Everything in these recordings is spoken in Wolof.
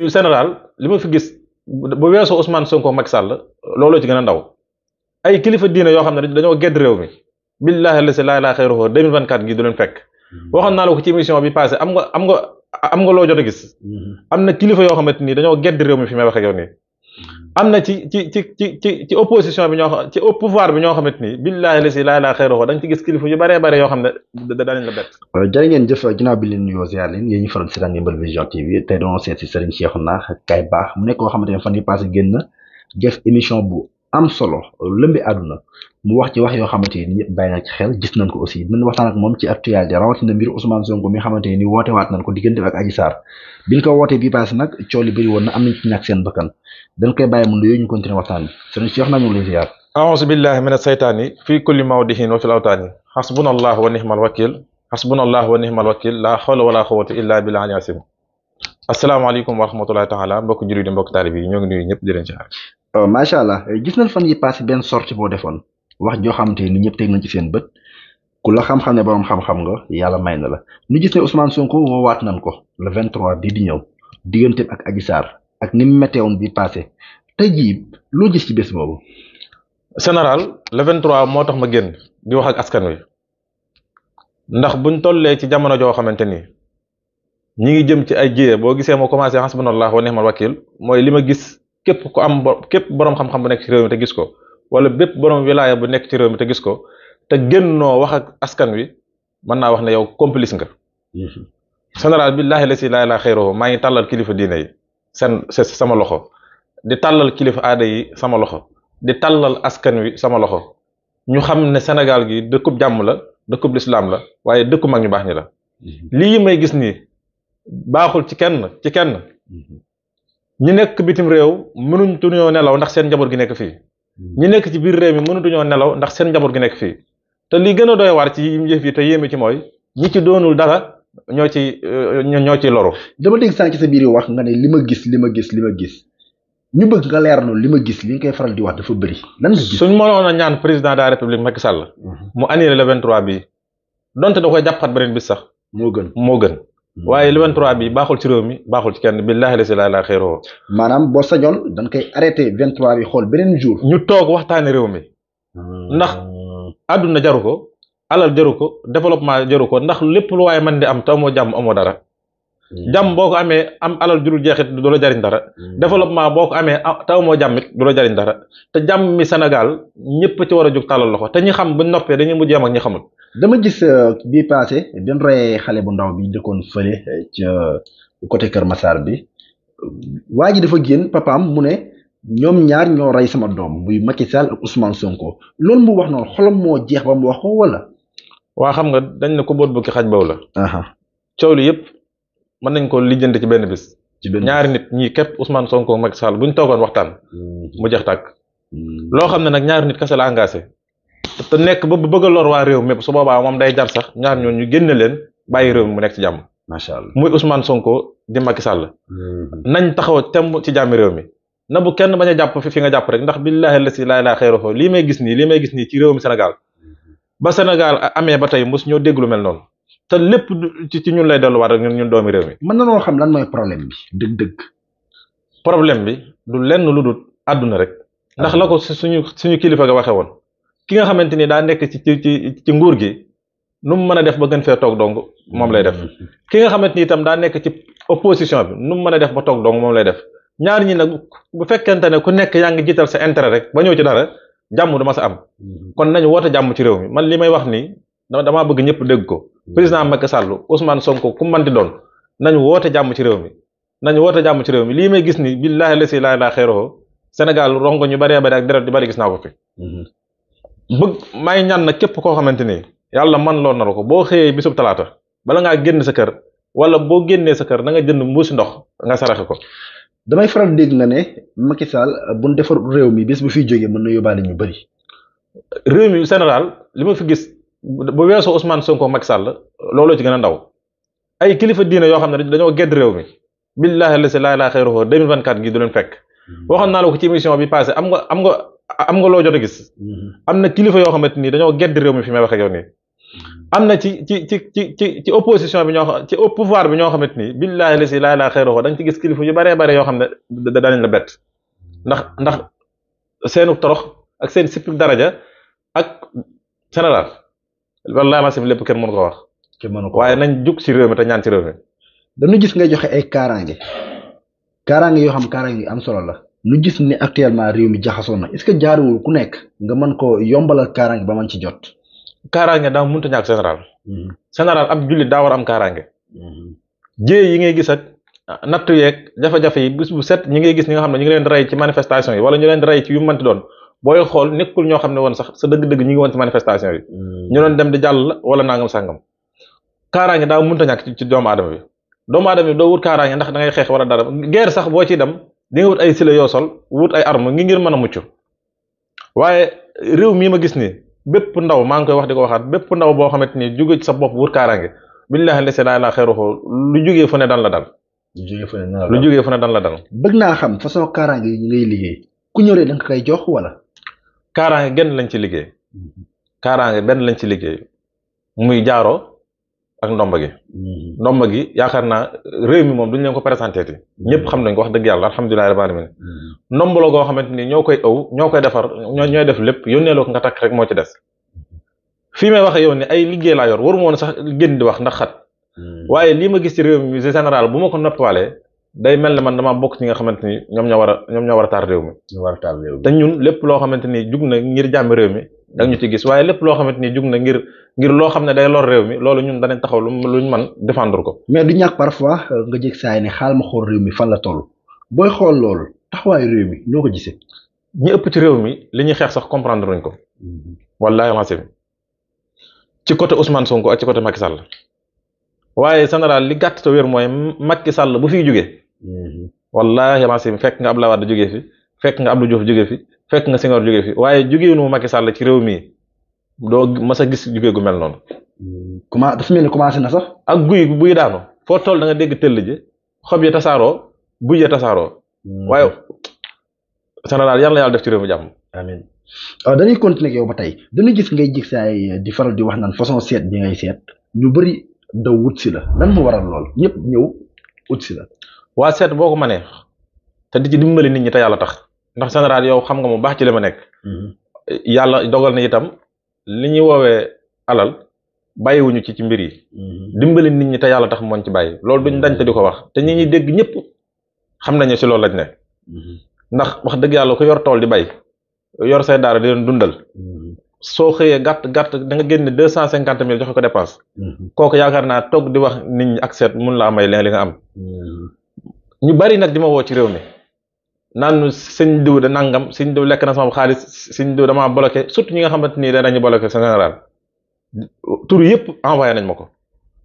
yu général li ma fi gis bu weesoo Ousmane Sonko Macky Sall loolu ci gën a ndaw ay kilifa diine yoo xam ne dañoo gedd réew mi billaahi lasi laa ilaaha xayruhu 2024 gi du leen fekk mm-hmm. waxoon naa la ko ci émission bi passé am nga am nga am nga loo jot a gis mm-hmm. am na kilifa yoo xamante ni dañoo gedd réew mi fi may wax ak yow nii am na ci ci ci ci opposition bi ñoo xam ci au pouvoir bi ñoo xamante ni billaahi la si laa laa xeeroo ci gis kilifa yu bëree bëri yoo xam ne danañ la bett. Euh, jërë ngeen jëf a bi leen nuyoo ziar leen yéen ñu faral seet si Serigne Cheikhouna Kaye Ba mu nekk xamante ne fan yii passé génn def émission bu am solo lëmbi àdduna mu wax ci wax yoo xamante ni bàyyi na xel gis nañ ko aussi dinañ waxtaan ak moom ci actualité rawatina mbir Ousmane Sonko mi xamante ni woote waat nañ ko diggante dañ koy bàyyi mu nuyoo ñu continuer waxtaan bi sëriñ Cheikh naa ñu ngi lay ziar aouzu billahi min asaytaani fii kulli mawdihin wa fil awtaani xasbuna oh, allah wa nihmal wakil xasbuna allah wa wa rahmatullahi xamante ni ñëpp teg seen bët ku la xam-xam ne boroom xam-xam nga yàlla may na la ñu gis ne Ousmane Sonko woowaat nañ ko le 23 bi di ñëw digganteem ak Adji Sarr ak ni mu météwoon bi passé tey jii loo gis ci bés boobu. général le 23 moo tax ma génn di wax ak askan wi ndax buñ tollee ci jamono joo xamante ni ñi ngi jëm ci ay jiyee boo gisee ma commencé hasbunallah wa ni'mal wakil mooy li ma gis képp ku am képp borom xam-xam bu nekk ci réew mi te gis ko wala bépp borom wilaya bu nekk ci réew mi te gis ko te génnoo wax ak askan wi mën naa wax ne yow complice nga. Mm-hmm. général bi la si laa xayruhu maa ngi tàllal kilifa diine yi. seen sama loxo di tàllal kilifa aada yi sama loxo di tàllal askan wi sama loxo ñu xam ne senegal gi dëkkub jàmm la dëkkub lislaam la waaye dëkku mag ñu baax ñi la mhm. lii may gis nii baaxul ci kenn ci kenn mhm. ñi nekk bitim réew mënuñ tuñoo nelaw ndax seen njaboot gi nekk fii mhm. ñi nekk ci biir réew mi mënutuñoo nelaw ndax seen njaboot gi nekk fii te lii gën doy waar ci yim yëf yi te yéeme ci mooy ñi ci doonul dara ñoo ci ñoo ci loru. dama dégg sànq sa biir wax nga ne li ma gis li ma gis li ma gis ñu bëgg nga leer noonu li ma gis li nga koy faral di wax dafa bëri. lan nga gis suñ mënoon a ñaan président de la république Macky Sall. Mhm. mu annulé le 23 bi donte da koy jàppaat beneen bis sax. moo gën moo gën. Mhm. waaye le 23 bi baaxul ci réew mi baaxul ci kenn billaahi la si laa xeeroo. maanaam boo sañoon dañ koy arrêté 23 bi xool beneen jour. ñu toog waxtaanee réew mi. Ah. ndax àdduna jaru ko. alal jaru ko développement jaru ko ndax lépp lu waaye man di am taw moo jàmm amoo dara hmm. jàmm boo ko amee am alal juru jeexit du la jariñ dara hmm. développement boo ko amee ah, taw moo jàmm it du la jariñ dara te jàmm mi Sénégal ñëpp ci war a jóg tàllal loxo te ñi xam buñ noppee dañuy mujj yem ak ñi xamul dama gis euh, bii passé bi mu reyee xale bu ndaw bi dëkkoon fële euh, ca côté Kër Massar bi waa ji dafa génn papaam mu ne ñoom ñaar ñoo rey sama doom muy Macky Sall ak Ousmane Sonko loolu jeex ba mu wax ko wala waa xam nga dañ ne ko boot bukki xaj baw la. coow li yëpp mën nañ ko lijjanti ci benn bis. ci benn ñaari nit ñii képp Ousmane Sonko Macky Sall bu ñu toogoon waxtaan. Mm. mu jeex tàkk. Mm. loo xam ne nag ñaari nit kese la te nekk ba bëgg a waa réew mépp su boobaa moom day jar sax ñaar ñoo ñu génne leen bàyyi réew mu nekk ci jàmm. macha allah muy Ousmane Sonko di Macky Sall. Mm-hmm. nañ taxaw temm ci jàmmi réew mi. na bu kenn bañ a jàpp fi fi nga jàpp rek ndax billaahi la si laay laa xeyroo li may gis nii lii may gis nii ci réew mi Sénégal ba Sénégal amee ba tey mos ñoo déglu mel noonu te lépp ci ñun lay delluwaat rek ñun ñun doomi réew mi. mën na noo xam lan mooy problème bi dëgg-dëgg. problème bi du lenn lu dul àdduna rek. ndax la ko suñu suñu kilifa ga waxe woon ki nga xamante ni daa nekk ci ci ci nguur gi nu mu mën a def ba gën fee toog dong moom lay def ki nga xamante ni itam daa nekk ci opposition bi nu mu mën a def ba toog dong moom lay def ñaar ñi nag bu fekkente ne ku nekk yaa ngi jiital sa intérêt rek ba ñëw ci dara. jàmm du ma sa am mhm. kon nañu woote jàmm ci réew mi man lii may wax nii damaa bëgg ñëpp dégg ko mhm. président Macky Sall Ousmane Sonko ku man di doon nañu woote jàmm ci réew mi nañu woote jàmm ci réew mi lii may gis ni billaahi la si laa laa xeeroo Sénégal rongo ñu bëree bëri ak deret yu bëri gis naa ko fi mhm. bëgg may ñaan na képp koo xamante ni yàlla man lool na la ko boo xëyee bisub talaata bala ngaa génn sa kër wala boo génnee sa kër na nga jënd mbuusi ndox nga saraxe ko damay faral dégg nga ne Macky Sall bu ñu defar réew mi bés bu fiy jógee mën na yóbbaale ñu bëri. réew mi général li ma fi gis ba weesoo Ousmane Sonko Macky Sall looloo ci gën a ndaw ay kilifa diine yoo xam ne dañoo gedd réew mi. billahi la si laa ilaa xayruhu 2024 gi du leen fekk. Hmm. waxoon naa la ko ci émission bi passé am nga am nga am nga loo jot a gis. Hmm. am na kilifa yoo xamante ni dañoo gedd réew mi fi may wax yoon yow nii. am na ci ci ci ci ci opposition bi ñoo xam ci au pouvoir bi ñoo xamante ni billaahi la si laa laa xeyroo da ci gis kilifa yu baree bare yoo xam ne danañ la bett ndax ndax seenu torox ak seen sippil daraja ak général wallaahi ma sif lépp kenn mënu ko wax. kenn mënu ko waaye nañ jug si réew mi te ñaan si réew mi. dañu gis ngay joxe ay kaaraange kaaraange yoo xam kaaraange yu am solo la. nu gis ni actuellement réew mi jaxasoo na est-ce que ku nekk nga mën ko yombalal kaaraange ba mën ci jot. kaaraange daa mënut a ñàkk général. Mhm. général ab jullit daa war a am kaaraange. Mhm. jéey yi ngay gis ak ah, natt yeeg jafe-jafe yi bis bu set ñi ngay gis ñi nga xam ne ñu ngi leen di rey ci manifestation yi wala ñu leen di rey ci yu mu mënti doon booy xam ne woon sax sa dëgg-dëgg ñu ngi woon ci manifestation yi. Mhm. dem di jàll wala nangam sàngam. kaaraange daa mënut a ñàkk ci ci doomu aadama bi doomu aadama bi doo wut kaaraange ndax da ngay xeex wala dara guerre sax boo ciy dem di nga wut ay sile yoo sol wut ay arme ngi ngir mën a mucc waaye réew mii ma gis nii bépp ndaw maa ngi koy wax di ko waxaat bépp ndaw boo xamante ni jóge ci sa bopp wut kaaraange billahi lesi laa la xeeruxu lu jógee fu ne dan la dal lu jógee fo ne dan la dal lu jógee fu ne dan la dal bëgg naa xam façon kaaraange yi ngay liggéey ku ñëwee da nga koy jox wala kaaraange genn lañ ci liggéey mhm. kaaraange benn lañ ci liggéey muy jaaro ak ndomba gi. Mm-hmm. ndomba gi yaakaar naa réew mi moom duñ leen ko présenté te mm-hmm. ñëpp xam nañ ko wax dëgg yàlla alhamdulilah rabbil alamin mm-hmm. ndomba la goo xamante ni ñoo koy ëw ñoo koy defar ñoo ñooy def lépp yónnee loo ko nga takk rek moo ci des. fii may wax yow ni ay liggéey laa yor waru woon sax génn di wax ndax xat. waaye lii ma gis ci réew mi général bu ma ko noppalee day mel ne man damaa bokk ci nga xamante ni ñoom ñoo war a ñoom ñoo war a taar réew mi. ñoo war a taar réew mi te ñun lépp loo xamante ni jug na ngir jàmm réew mi da ñu ci gis waaye lépp loo xamante ni jug na ngir ngir loo xam ne day lor réew mi loolu ñun danañ taxaw lu ñu man défendre ko. mais du ñàkk parfois euh, nga jég saay ne xaal ma xool réew mi fan la toll booy xool loolu taxawaayu réew mi noo ko gisee. ñi ëpp ci réew mi li ñuy xeex sax comprendre luñ ko. Mm-hmm. wallaahi masim ci côté Ousmane Sonko ak ci côté Macky Sall waaye général li gàtt te wér mooy Macky Sall bu fiy jugee. Mm-hmm. wallaahi masim fekk nga ab Wade jugee fi fekk nga Abdou Diouf jugee fi. fekk nga Senghor jógee fi waaye jógeewul mu Macky Sall ci réew mi doo mas a gis jógee gu mel noonu. comment dafa mel ni commencé na sax. ak guy buy daanu foo toll da dégg tëll ji xob ya tasaaroo buy ya tasaaroo. Hmm. waaye général yàlla na yàlla def ci réew mi jàmm. amiin euh, dañuy continuer ak yow ba tey dañuy gis ngay gis ay euh, di faral di wax naan façon seet bi ngay seet ñu bëri daw wut si la lan mu waral lool ñëpp ñëw wut si la. waa seet boo ko mënee te di ci dimbali nit ñi tax. ndax général yow xam nga mu baax ci la ma nekk. Mhm. yàlla dogal na itam li ñuy woowee alal bàyyiwuñu ci ci mbir yi. Mhm. dimbali nit ñi te yàlla tax mooñ ci bàyyi loolu duñ dañ te di ko wax te ñi ñuy dégg ñëpp xam nañu si loolu lañ ne. Mhm. ndax wax dëgg yàlla ku yor tool di bay yor say daara di leen dundal. soo xëyee gàtt gàtt da nga génne deux cent cinquante mille joxe ko dépense kooku yaakaar naa toog di wax nit ñi ak seet mun laa may li nga li nga am ñu bari nag di ma woo ci réew mi naan nu sëñ diw de nangam sëñ diw lekk na sama xaalis sëñ diw damaa bloqué surtout ñi nga xamante ni dañu bloqué sa général tur yëpp envoyé nañ ma ko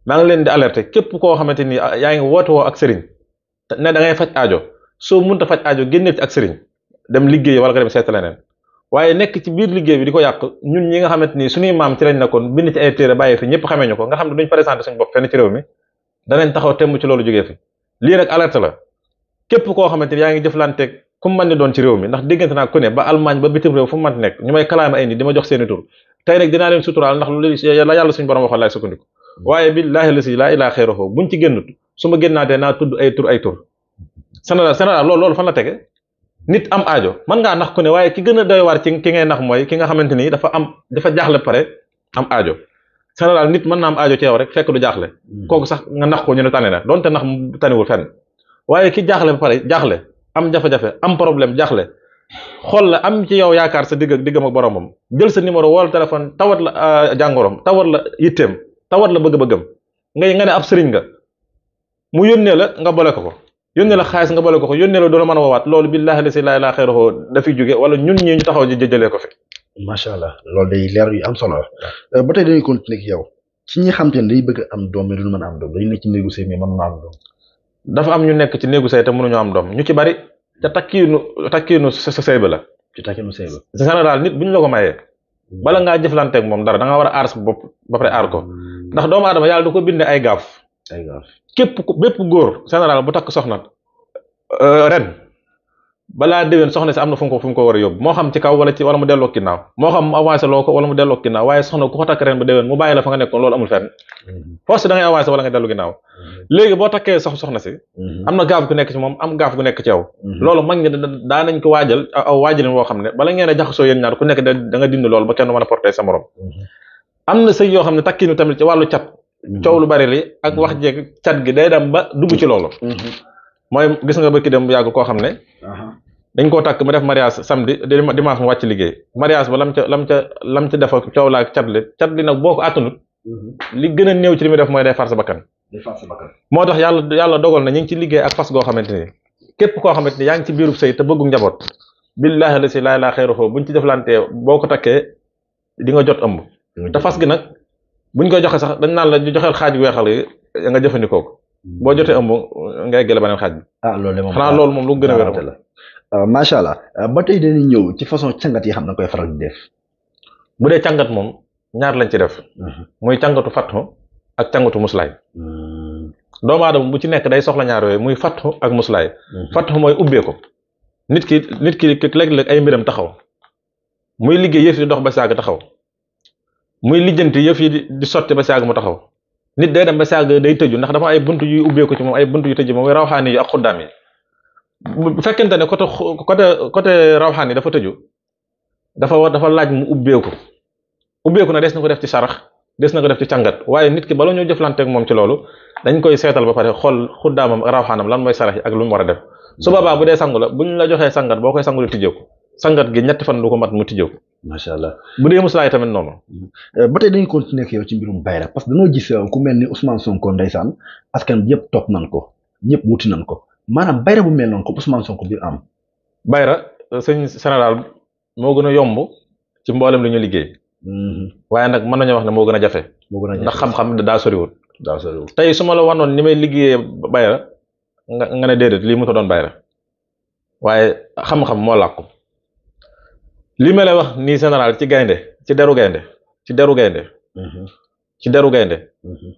maa ngi leen di alerte képp koo xamante ni yaa ngi woote woo ak sëriñ ne da ngay faj aajo soo mun ta faj ajo génneel ci ak sëriñ dem liggéey wala nga dem seeta leneen waaye nekk ci biir liggéey bi di ko yàq ñun ñi nga xamante ni suñuy maam ci lañ nekkoon bind ci ay téere bàyyi fi ñëpp xamee ñu ko nga xam ne duñ présenté suñu bopp fenn ci réew mi taxaw temm ci loolu jógee fi lii nag alerte la képp koo xamante ni yaa ngi jëflanteeg ku mu mën di doon ci réew mi ndax déggante naa ku ne ba Allemagne ba bitim réew fu mu mën nekk ñu may kalaame ay nit di ma jox seeni tur tey rek dinaa leen la yàlla suñu su ma génnaatee naa tudd ay tur ay tur Sénégal Sénégal loolu loolu fan la tege nit am ajo man ngaa nax ku ne waaye ki gën a doy waar ci ki ngay ndax mooy ki nga xamante ni dafa am dafa jaaxle pare am aajo Sénégal nit mën naa am ajo ci rek fekk du jaaxle hmm. kooku sax nga nax ko ñu ne tane na donte nax taniwul fenn waaye ki jaaxle ba pare jaaxle am jafe-jafe am problème jaaxle xool la am ci yow yaakaar sa digg diggam ak boromam jël sa numéro wala téléphone tawat la euh, jàngoroom tawat la yitteem tawat la bëgg-bëggam ngay nga ne ab sëriñ nga mu yónnee la nga boole ko ko yónnee la xaalis nga boole ko ko yónnee la doona man a woowaat loolu billaahi la si laa ilaa xayruhu dafiy jóge wala ñun ñii ñu taxaw ji ko fi macha allah loolu day leer yi am solo la euh, ba tey dañuy continuer ak yow ci ñi xam te ne day bëgg am doom mais duñu mën a am doom dañu dafa am ñu nekk ci néegu sëy te mënuñoo am doom ñu ci bari te takkiinu takkiinu sa sa sëy ba la. ci takkiinu sëy ba. en général nit bu ñu la ko mayee. bala ngaa jëflanteeg moom dara danga nga war a aar bopp ba pare aar ko hmm. ndax doomu aadama yàlla du ko bindee ay gaaf. ay gaaf képp ku bépp góor général bu takk soxna euh, ren. balaa déwén soxna si am na fu mu ko fu ko war a yóbbu moo xam ci kaw wala ci wala mu delloo ginnaaw moo xam mu avancé loo ko wala mu delloo ginnaaw waaye soxna ku ko takk ren ba déwén mu bàyyi la fa nga nekkoon loolu amul fenn mm-hmm. force da ngay dellu mm-hmm. sox soxna mm-hmm. am na gaaf gu nekk ci moom am gaaf gu nekk ci yow loolu mag ñi daa nañ ko waajal aw waajalin xam ne bala ngeen jaxasoo yéen ñaar ku nekk da nga dindi loolu ba kenn mën a porté sa morom am na yoo xam ne takkiinu tamit ci wàllu cat coow lu bari li ak wax jeeg cat gi day dem ba dugg ci loolu mooy gis nga bëkki dem bu yàgg koo xam ne ah. dañ koo takk mu def mariage samedi dimanche mu wàcc liggéey mariage ba lam ca lam coow laak cat li nag boo ko àttanut mhm. li gën a néew ci li muy def mooy day far sa moo tax yàlla yàlla dogal na ñu ngi ci liggéey ak fas goo xamante ni képp koo xamante yaa ngi ci biirub sëy te bëggu njaboot billaahi la si laa laa xeeruxoo buñ ci deflantee boo ko takkee di nga jot ëmb te fas gi nag buñ koy joxe sax dañ naan la ñu joxeel xaaj weexal yi nga jëfandikoo mm. boo jotee ëmb nga xaaj bi ah, xanaa loolu moom lu gën a wér Euh, macha allah euh, ba tey dañuy ñëw ci façon càngat yi xam na koy faral di def. bu dee càngat moom ñaar lañ ci def. Mm-hmm. muy càngatu fattu ak càngatu muslaay. Mm-hmm. doomu aadama bu ci nekk day soxla ñaar yooyu muy fattu ak muslaay. Mm-hmm. fattu mooy ubbee ko nit ki nit ki léeg-léeg ay mbiram taxaw. muy liggéey yëf yi dox ba saag taxaw. muy lijjanti yëf yi di sotti ba saag mu taxaw. nit day dem ba saag day tëju ndax dafa ay bunt yuy ubbee ci moom ay bunt yu tëju moom muy rawxaani yi ak xuddaam yi. bu fekkente ne côté côté côté rawxaan yi dafa tëju dafa war dafa laaj mu ubbeeku ubbeeku na des na ko def ci sarax des na ko def ci càngat waaye nit ki bala ñoo jëflanteeg moom ci loolu dañ koy seetal ba pare xool xuddaamam rawxaanam lan mooy sarax yi ak lu mu war a def su boobaa bu dee sangu la bu ñu la joxee sangat boo koy sangu di tijjeeku sangat gi ñetti fan du ko mat mu tijjeeku. macha allah bu dee muslaay tamit noonu. Euh, ba tey dañu continuer ak yow ci mbirum bayra parce que dañoo gis euh, mel ni Ousmane Sonko ndeysaan askan bi yëpp topp nañ ko ñëpp wuti nañ ko maanaam bayra bu mel noonu ko Ousmane Sonko bi am. bayra sëñ général moo gën a yomb ci mboolem li ñu liggéey. Mhm. waaye nag mën nañoo wax ne moo gën a jafe. moo gën ndax xam-xam daa soriwul. daa soriwul tey su la wanoon ni may liggéeyee bayra nga nga ne déedéet lii mu ta doon bayra waaye xam-xam moo làkku li ma lay wax nii général ci gaynde ci deru gaynde ci deru gaynde mhm. ci deru gaynde mhm.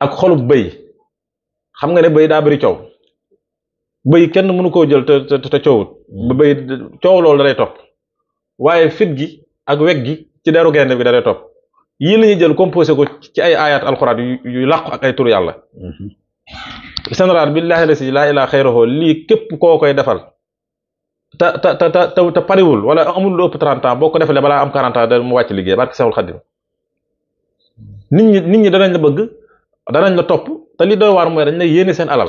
ak xolub bëy xam nga ne bëy daa bëri coow bëy kenn mënu koo jël te te coowut ba mm. bëy coow loolu da topp waaye fit gi ak weg gi ci deru gaynde bi da lay topp yii la ñuy jël composé ko ci ay ayat alxuraan yu yu làqu ak ay tur yàlla général mm-hmm. billaahi la si laa ilaa xayruhu lii képp koo koy defal te te te te te pariwul wala amul lu ëpp 30 boo ko defalee balaa am 40 ans mu wàcc liggéey barki Seexul Xadim nit ñi nit ñi danañ la bëgg danañ la topp te li doy waar mooy dañ lay yéene seen alal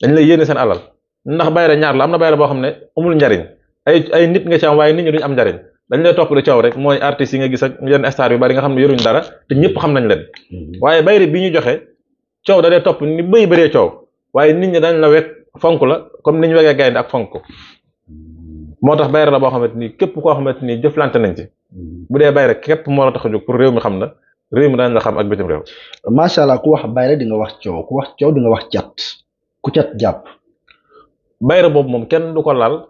dañu lay yéene seen alal ndax bayra ñaar la am na bayra boo xam ne amul njariñ ay ay nit nga ci am waaye nit ñi duñ am njariñ dañ lay topp di coow rek mooy artistes yi nga gis ak yenn star yu bari nga xam ne yoruñ dara te ñëpp xam nañ leen mhm. waaye bayra bi ñu joxe coow da topp ni bëy bëree coow waaye nit ñi dañ la wekk fonk la comme ni ñu wegee gaynde ak fonk mhm. moo tax bayra la boo xamante ni képp koo xamante ni jëflante nañ ci mhm. bu dee bayra képp moo la tax pour réew mi xam na réew mi dañ la xam ak bitim réew macha allah ku wax bayra di nga wax wax coow di nga wax cat ku cat jàpp bayre boob moom kenn du ko laal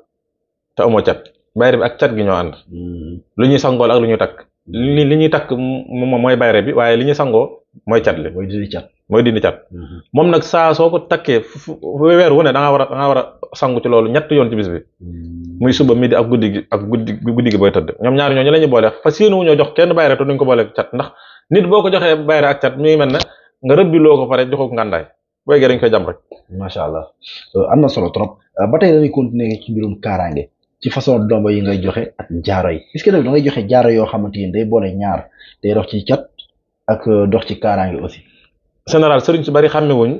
te amoo cat bayra bi ak cat gi ñoo ànd mm-hmm. lu ñuy sangool ak lu ñuy takk li li ñuy takk moom mooy bayra bi waaye li ñuy sangoo mooy cat li mooy dindi cat mooy dindi cat mm-hmm. moom nag saa soo ko takkee weer wu ne da ngaa a war a sangu ci loolu ñett yoon ci bis bi mm-hmm. muy suba midi ak guddi gi ak guddi guddi gi booy tëdd ñoom ñaar ñooñu la ñuy boole fas yéene wu ñoo jox kenn bayra te duñ ko boole cat ndax nit boo ko joxee bayra ak cat mi ngi mel ne nga rëbbiloo ko pare joxoo ko ngàndaay booy gee dañ koy jam rek macha allah euh, am na solo trop euh, ba tey dañuy continuer ci mbirum kaaraange ci façon domba yi ngay joxe ak jaaro yi est-ce que ngay joxe jaaro yoo xamante ni day boole ñaar day dox ci cat ak euh, dox ci kaaraange aussi. général sëriñ su bari xàmme wuñ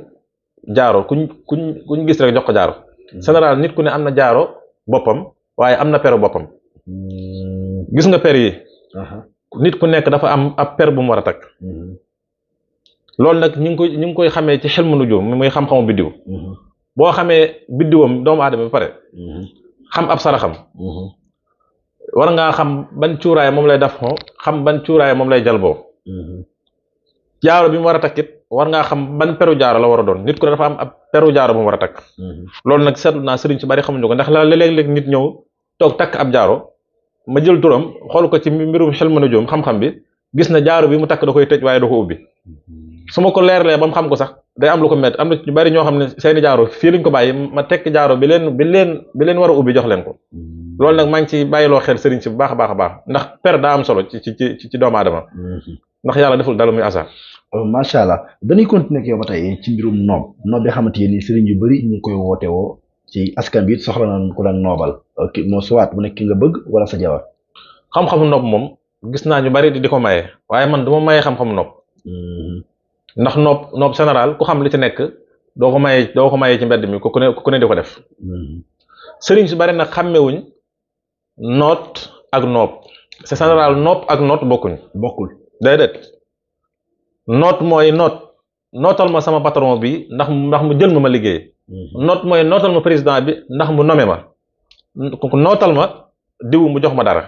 jaaro kuñ kuñ kuñ gis rek jox ko jaaro hmm. général nit ku ne am na jaaro boppam waaye am na peru boppam hmm. gis nga per yi. nit ku nekk dafa am ab per bu mu war a takk. Hmm. loolu nag ñu ngi koy ñu ngi koy xamee ci xelmu nujum muy xam-xamu biddiw mm-hmm. boo xamee biddiwam doomu aadama ba pare mm-hmm. xam ab xam mm-hmm. war ngaa xam ban cuuraay moom lay daf xam ban cuuraay moom lay jalboo jaaro bi mu war a takkit war ngaa xam ban peru jaaro la war a doon nit ko ne dafa am ab peru jaaro bu mu war a takk loolu nag seetlu naa sëriñ si bari xamuñu ko ndax la léeg-léeg nit ñëw toog takk ab jaaro ma jël turam xool ko ci mbirum xel mën a joom xam-xam bi gis na jaaro bi mu takk da koy tëj waaye da ko ubbi su ma ko leerlee ba mu xam ko sax day am lu ko métti am na ñu bari ñoo xam ne seeni jaaro fii lañ ko bàyyi ma tekk jaaro bi leen bi leen bi leen war a ubbi jox leen ko mm. loolu nag maa ngi ci bàyyiloo xel sëriñ bu baax a baax a per daa am solo ci ci ci aadama mm-hmm. ndax yàlla deful dara muy asar oh, macha allah dañuy continuer ak yow ba tey ci mbirum noob noob bi xamante ni sëriñ yu bari ñu ngi koy woote woo ci askan bi it soxla nañ ko daan noobal moo suwaat mu nekk ki nga bëgg wala sa jabar xam xam noob moom gis naa ñu bari di ko maye waaye man du ma maye xam xam noob ndax noob noob général ku xam li ci nekk doo ko mayee doo ko mayee ci mbedd mi ku ne ku ne di ko def hmm. sëriñ si bari nag xàmmewuñ noot ak noob c'est général ak noot bokkuñ bokkul déedéet noot mooy noot nootal ma sama patron bi ndax ndax mu jël ma ma liggéey hmm. noot mooy nootal ma président bi ndax mu nome ma nootal ma diw mu jox ma dara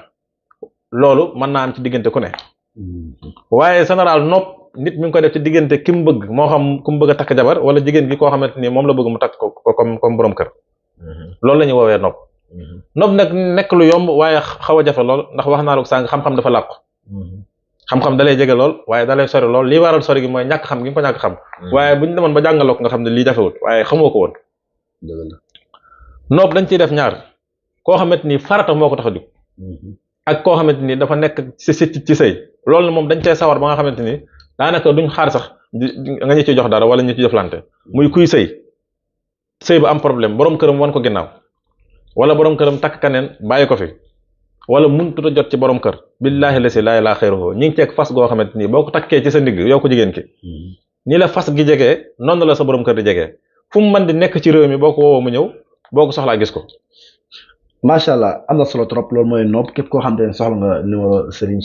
loolu mën naa am ci diggante ku ne hmm. waaye général nopp nit mi ngi koy def ci diggante ki mu bëgg moo xam ku mu bëgg a takk jabar wala jigéen gi koo xamante ni moom la bëgg mu takk ko comme comme kër mm-hmm. loolu la ñuy woowee nopp mm-hmm. nopp nag nekk lu yomb waaye xaw a jafe lool ndax wax naa ko sàng xam-xam dafa làqu mm-hmm. xam-xam dalay jege lool waaye dalay sori lool lii waral sori gi mooy ñàkk xam gi ko ñàkk xam waaye bu ñu demoon ba jàngaloo ko nga xam ne lii jafewul waaye xamoo ko woon nopp dañ ciy def ñaar koo xamante ni farata moo ko tax a jóg ak koo xamante ni dafa nekk ci ci sëy loolu moom dañ cee sawar ba nga xamante ni daanaka duñ xaar sax nga ñu ci jox dara wala ñu ci jëflante muy kuy sëy sëy ba am problème borom këram wan ko ginnaaw wala borom këram takk kaneen bàyyi ko fi wala mënut a jot ci borom kër billaahi la si laa ilaaha xayruhu ñi ngi teg fas goo xamante ni boo ko takkee ci sa ndigg yow ko jigéen ki hmm. ni la fas gi jegee noonu la sa borom kër di jege fu mu man di nekk ci réew mi boo ko woowoo ñëw boo ko soxlaa gis ko macha allah am na solo trop loolu mo nopp képp koo xam ne soxla nga numéro Serigne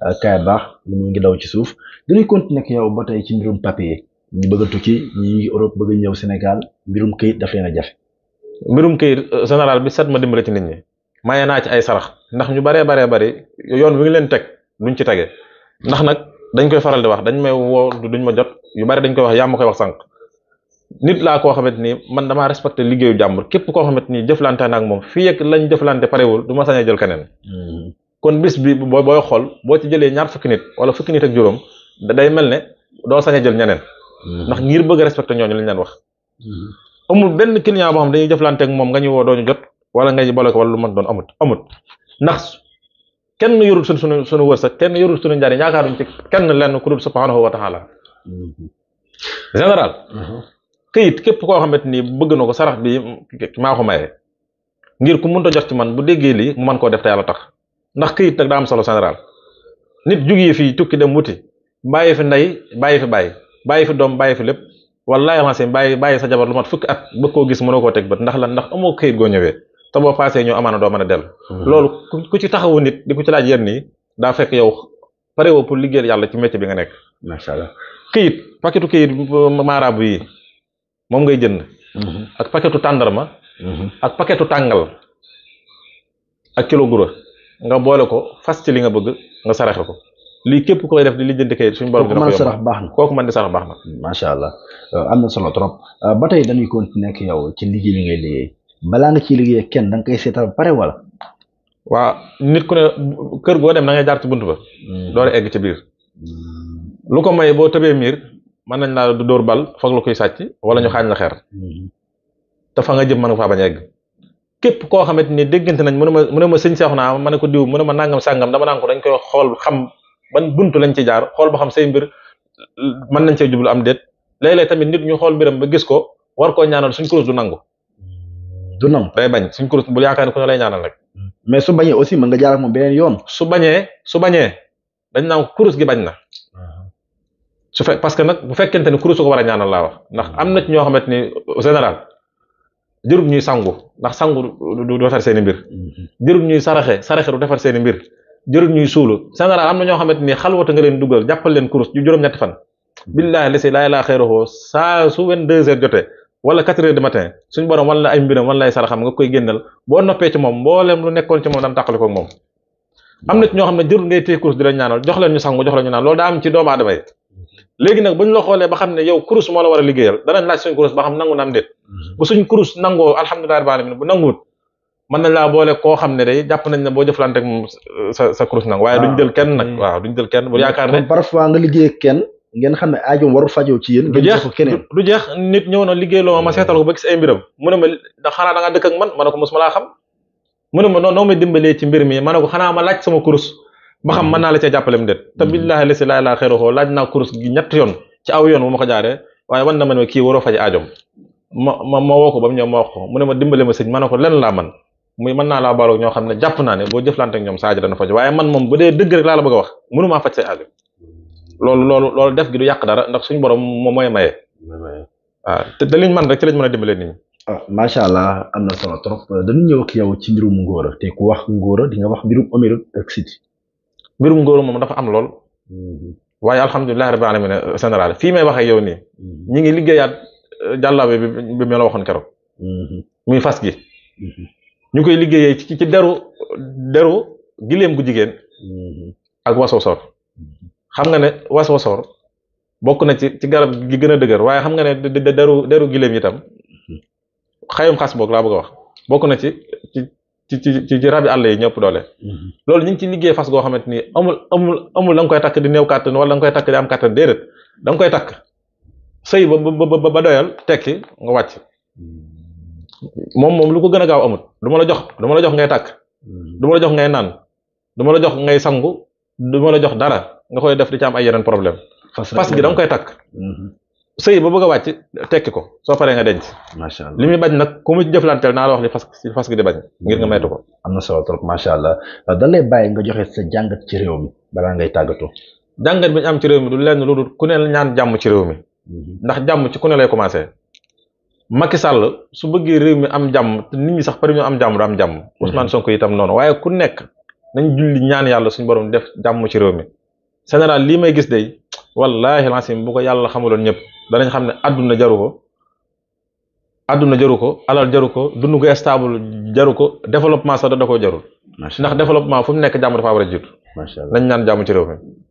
Euh, Kaye baax mu ngi daw ci suuf dañuy continuer ak yow ba tey ci mbirum papier yi bëgg a tukki ñi ngi Europe bëgg a ñëw Sénégal mbirum këyit daf leen a jafe. mbirum këyit euh, général bi sat ma dimbale ci nit ñi maye naa ci ay sarax ndax ñu baree baree bari yoon wi ngi leen teg luñ ci tege ndax nag dañ koy faral di wax dañ may woow duñ ma jot yu bari dañ koy wax yaa ma koy wax sànq. nit laa koo xamante ni man damaa respecté liggéeyu jàmbur képp koo xamante ni jëflante na moom fii ak lañ jëflante parewul du ma jël keneen mm-hmm. kon bis bi boo boo xool boo ci jëlee ñaar fukki nit wala fukki nit ak juróom day mel ne doo sañ jël ñeneen. Hmm. ndax ngir bëgg a respecté ñooñu lañ leen wax. Hmm. amul benn client boo xam dañuy jëflante ak moom nga ñu woo doo jot wala ngay boole ko wala lu mën doon amut amut ndax kenn yorul suñ suñu suñu wërsëg kenn yorul suñu njariñ yaakaaruñ ci kenn lenn ku dul subhanahu wa taala hmm. général. Uh-huh. këyit képp koo xamante ni bëgg na ko sarax bi maa ko maye ngir ku mënta jot ci man bu déggee lii mu mën koo def te yàlla tax. ndax këyit nag daa am solo général nit jugee fii tukki dem wuti bàyyee fi ndey bàyyi fi bàyyi bàyyi fi doom bàyyi fi lépp wallaahi lancim bàyyi bàyyi sa jabar lu mat fukki at bëgg koo gis mënoo koo teg bët ndax lan ndax amoo këyit goo ñëwee te boo paasee ñoo amaana doo mën a dellu hmm. loolu ku ci taxawu nit di ku ci laaj yenn yi daa fekk yow pare woo pour liggéeyal yàlla ci métier bi nga nekk macha allah këyit paquetu këyit uh, maaraabu yi moom ngay jënd hmm. ak paquetu tàndarma hmm. ak paquetu tàngal kilo gura nga boole ko fas ci li nga bëgg nga saraxe ko lii képp koy def di lijjanti kay suñ borom dina ko baax na kooku mën di sarax baax na macha allah euh, am na solo trop euh, ba tey dañuy ko nekk yow ci liggéey bi ngay liggéey balaa nga ciy liggéey kenn da nga koy seetal pare wala waaw nit ku goo dem na ngay jaar ci bunt ba hmm. door egg ci biir hmm. lu ko may boo tëbee miir mën nañ laa du dóor bal foog la koy sàcc wala ñu hmm. xaañ la xeer te fa nga jëm mën nga faa bañ a egg képp koo xamante ni déggante nañ mu ne ma mu ne ma sëñ seexu naa ma ne ko diw mu ne ma nangam sàngam dama naan ko dañ koy xool xam ban buntu lañ ci jaar xool ba xam say mbir mën nañ cee jublu am déet léeg tamit nit ñu xool mbiram ba gis ko war koo ñaanal suñ kurus du nangu. du nangu day bañ suñ kurus bu yaakaar ne ku ñu lay ñaanal rek. mais su bañee aussi mën nga jaar moo moom beneen yoon. su bañee su bañee dañ naan kurus gi bañ na. Uh-huh. su parce que nag bu fekkente ne kurus ko war a ñaanal laa wax ndax am na ci ñoo xamante ni général jërub ñuy sangu ndax sangu du defar seen i mbir mm-hmm. jërub ñuy saraxe saraxe du defar seen i mbir jërub ñuy suulu sangara am na ñoo xamante ni xalwata nga leen dugal jàppal leen kurus ju juróom-ñetti fan mm-hmm. billaahi lesi laa ilaa xeyroxoo saa su wen deux heures jotee wala quatre heures du matin suñu borom wan la ay mbiram wan lay saraxam nga koy génnal boo noppee ci moom mbooleem lu nekkoon ci moom daan tàqali koog moom am na ci ñoo xam ne jërul ngay téye kurus di jox leen ñu sangu jox leen ñu naan loolu daa ci doomu aadama léegi nag bu ñu la xoolee ba xam ne yow kurus moo a war a liggéeyal danañ laaj suñ kurus ba xam nangu na am déet mm-hmm. bu suñ kurus nangoo alhamdulilah rabbil alamin mën nañ laa boole koo xam ne day jàpp nañ ne boo jëflanteeg moom sa sa kurus nag waaye duñ ah, jël kenn nag waaw duñ jël kenn bu yaakaar ne parfois nga liggéey ak kenn ngeen xam ne aajo waru fajoo ci yéen. du jeex du jeex nit ñëw na liggéeyloo ma ma mm-hmm. seetal ko ba gis ay mbiram mu ne ma da xanaa da nga dëkk ak ma ne ma noonu ci mbir mi ma ne ko xanaa ma laaj sama kurus ba xam mën naa la cee jàppale déet te hmm. billaahi la si laa ilaa laaj naa kurus gi ñett yoon ci aw yoon bu ma ko jaaree waaye wan na man ne kii waroo faj aajom ma ma ma woo ko ba mu ñëw ma wax ko mu ne ma dimbale ma sëñ ma ne ko lenn laa man muy mën naa laa baaloog ñoo xam ne jàpp naa ne boo jëflante ak ñoom saajo dana waaye man moom bu dee dëgg rek laa la bëgg a loolu loolu loolu def gi yàq dara ndax suñu borom moom mooy maye waaw te da liñ man rek lañ mën a dimbalee nit ah, macha allah am na solo trop dañu ñëw ak yow ci mbirum ngóora te ku wax ngóora di nga wax mbirum oméro ak siti mbirum ngóor moom dafa am lool mhm. waaye alhamdulilah rabbil alamin euh, général fii may waxee yow nii mhm. ñi ngi liggéeyaat euh, jàllabe bi bi waxoon keroog mhm. muy fas gi ñu koy liggéeyee ci ci deru deru gileem gu jigéen ak wasosoor xam nga ne wasosoor bokk na ci ci garab gi gën a dëgër waaye xam nga ne deru deru gileem itam xayum xas boog laa bëgg a wax bokk na ci ci ci ci ci rabi àll yi ñëpp doole mhm. loolu ñu ci liggéey fas goo xamante ni amul amul amul da koy takk di néew kàttan wala da koy takk di am kàttan déedéet da nga koy takk sëy ba ba ba doyal tekki nga wàcc mhm. moom moom lu ko gën a gaaw amut du la jox du la jox ngay takk mhm. du ma la jox ngay naan duma la jox ngay sangu du ma la jox dara nga koy def di ci ay yeneen problème fas gi da koy takk sëy ba bëgg a wàcc tekki ko soo paree nga denc. macha allah bañ nag ku mu jëflanteel naa la wax li fas li fas gi di bañ. ngir nga mm. maytu ko. am na solo trop macha allah euh, dan bàyyi nga joxe sa jàngat ci réew mi balaa ngay tàggatoo. jàngat bi ñu am ci réew mi lu dul ku ne ñaan jàmm ci réew mi. Mm-hmm. ndax jàmm ci ku ne lay commencé. Macky Sall su bëggee réew mi am jàmm te nit ñi sax pare ñu am jàmm du am jàmm. Mm-hmm. Ousmane Sonko itam noonu waaye ku nekk nañ julli ñaan yàlla suñu borom def jàmm ci réew mi. général lii may wallahi alazim bu ko yàlla xamaloon ñëpp danañ xam ne àdduna jaru ko àdduna jaru ko alal jaru ko dund gu stable jaru ko développement sax da da koo jarul ndax développement fu mu nekk jàmm dafa war a jiitu nañ ñaan jàmm ci réew mi